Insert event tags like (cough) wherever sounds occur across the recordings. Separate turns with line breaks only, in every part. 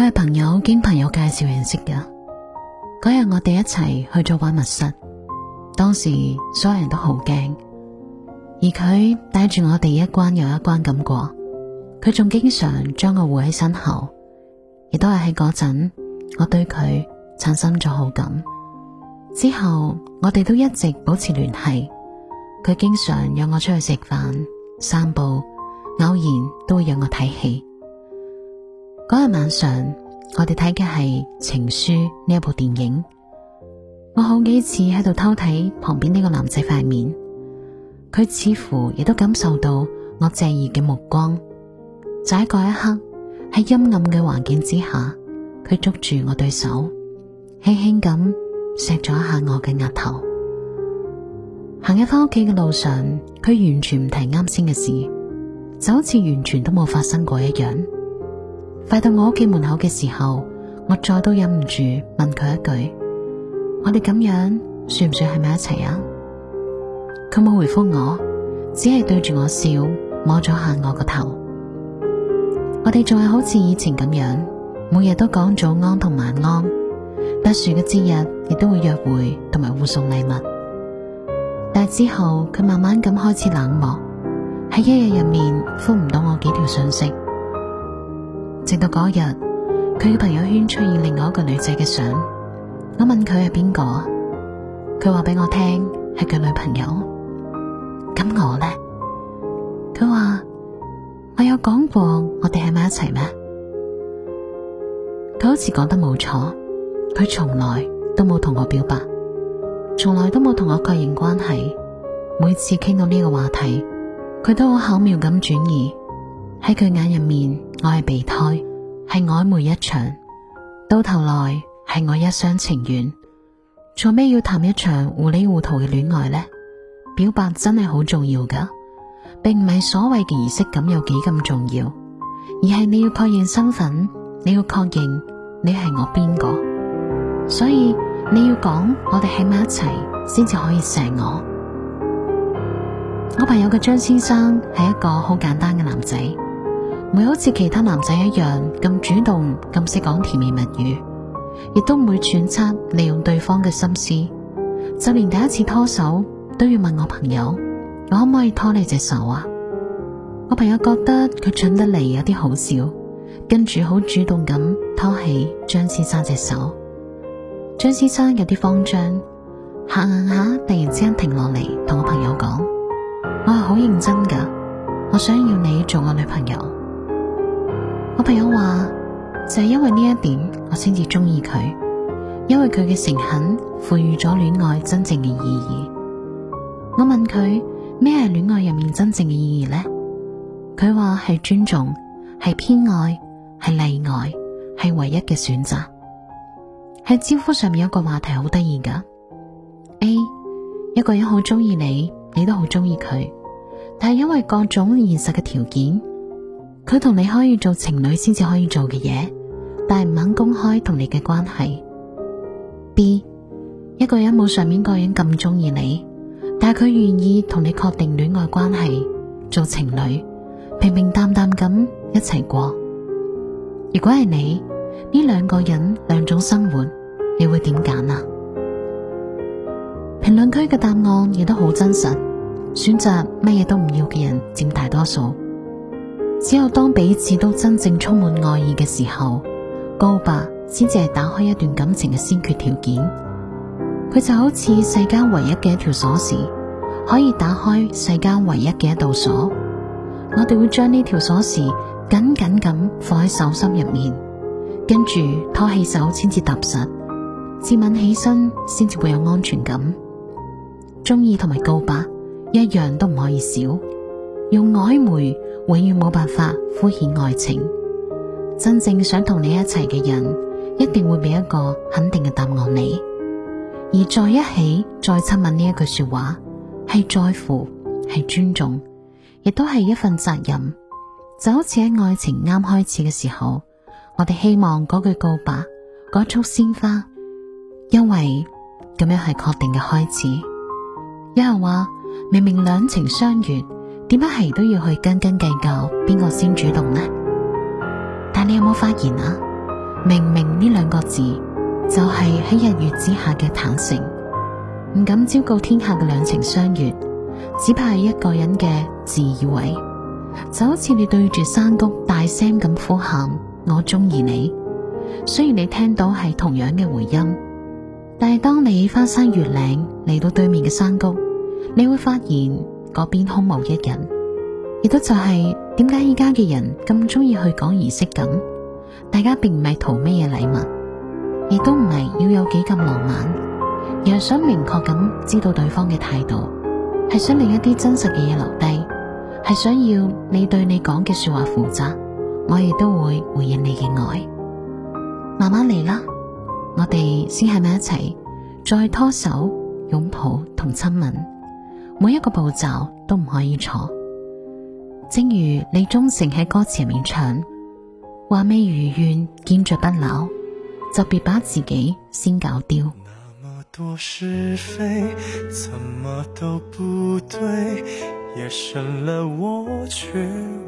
佢係朋友經朋友介紹認識嘅。嗰日我哋一齊去咗玩密室，當時所有人都好驚，而佢帶住我哋一關又一關咁過。佢仲經常將我護喺身後，亦都係喺嗰陣，我對佢產生咗好感。之後我哋都一直保持聯繫，佢經常約我出去食飯、散步，偶然都會約我睇戲。嗰日晚上，我哋睇嘅係《情書》呢一部電影。我好幾次喺度偷睇旁邊呢個男仔塊面，佢似乎亦都感受到我質疑嘅目光。就喺嗰一,一刻，喺陰暗嘅環境之下，佢捉住我對手，輕輕咁錫咗一下我嘅額頭。行入返屋企嘅路上，佢完全唔提啱先嘅事，就好似完全都冇發生過一樣。快到我屋企門口嘅時候，我再都忍唔住問佢一句：我哋咁樣算唔算係咪一齊啊？佢冇回覆我，只係對住我笑，摸咗下我個頭。我哋仲係好似以前咁樣，每日都講早安同晚安，特殊嘅節日亦都會約會同埋互送禮物。但之後佢慢慢咁開始冷漠，喺一日入面覆唔到我幾條信息。直到嗰日，佢嘅朋友圈出現另外一個女仔嘅相，我問佢係邊個？佢話俾我聽係佢女朋友。咁我呢？佢話我有講過我哋喺埋一齊咩？佢好似講得冇錯，佢從來都冇同我表白，從來都冇同我確認關係。每次傾到呢個話題，佢都好巧妙咁轉移。喺佢眼入面，我係備胎，係曖昧一場，到頭來係我一廂情願，做咩要談一場糊裏糊塗嘅戀愛呢？表白真係好重要㗎，並唔係所謂嘅儀式感有幾咁重要，而係你要確認身份，你要確認你係我邊個，所以你要講我哋喺埋一齊先至可以錫我。我朋友嘅張先生係一個好簡單嘅男仔。唔好似其他男仔一樣咁主動，咁識講甜言蜜語，亦都唔會揣測利用對方嘅心思，就連第一次拖手都要問我朋友，我可唔可以拖你隻手啊？我朋友覺得佢蠢得嚟有啲好笑，跟住好主動咁拖起張先生隻手。張先生有啲慌張，行行下突然之間停落嚟，同我朋友講：我係好認真噶，我想要你做我女朋友。我朋友話就係因為呢一點，我先至中意佢，因為佢嘅誠懇賦予咗戀愛真正嘅意義。我問佢咩係戀愛入面真正嘅意義呢？佢話係尊重，係偏愛，係例外，係唯一嘅選擇。喺知乎上面有個話題好得意噶，A 一個人好中意你，你都好中意佢，但係因為各種現實嘅條件。佢同你可以做情侶先至可以做嘅嘢，但係唔肯公開同你嘅關係。B 一個人冇上面個人咁中意你，但係佢願意同你確定戀愛關係，做情侶，平平淡淡咁一齊過。如果係你呢兩個人兩種生活，你會點揀啊？評論區嘅答案亦都好真實，選擇乜嘢都唔要嘅人佔大多數。只有當彼此都真正充滿愛意嘅時候，告白先至係打開一段感情嘅先決條件。佢就好似世間唯一嘅一條鎖匙，可以打開世間唯一嘅一道鎖。我哋會將呢條鎖匙緊緊咁放喺手心入面，跟住拖起手先至踏實，接吻起身先至會有安全感。中意同埋告白一樣都唔可以少，用曖昧。永遠冇辦法敷衍愛情，真正想同你一齊嘅人，一定會俾一個肯定嘅答案你。而在一起再親吻呢一句說話，係在乎，係尊重，亦都係一份責任。就好似喺愛情啱開始嘅時候，我哋希望嗰句告白，嗰束鮮花，因為咁樣係確定嘅開始。有人話，明明兩情相悅。點解係都要去斤斤計較邊個先主動呢？但你有冇發現啊？明明呢兩個字就係喺日月之下嘅坦誠，唔敢昭告天下嘅兩情相悅，只怕係一個人嘅自以為。就好似你對住山谷大聲咁呼喊，我中意你。雖然你聽到係同樣嘅回音，但係當你翻山越嶺嚟到對面嘅山谷，你會發現。嗰邊空無一人，亦都就係點解依家嘅人咁中意去講儀式感？大家並唔係圖咩嘢禮物，亦都唔係要有幾咁浪漫，而係想明確咁知道對方嘅態度，係想令一啲真實嘅嘢留低，係想要你對你講嘅說話負責，我亦都會回應你嘅愛。慢慢嚟啦，我哋先喺埋一齊，再拖手擁抱同親吻。每一個步驟都唔可以錯，正如李宗盛喺歌詞入面唱：話未如願，見著不朽，就別把自己先搞丟。那
麼多是非，怎麼都不對，夜深了我卻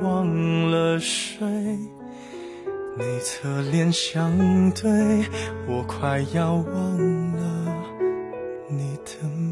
忘了睡，你側臉相對，我快要忘了你的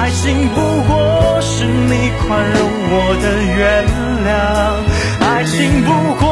愛情不過是你寬容我的原諒，愛情不過。 (noise)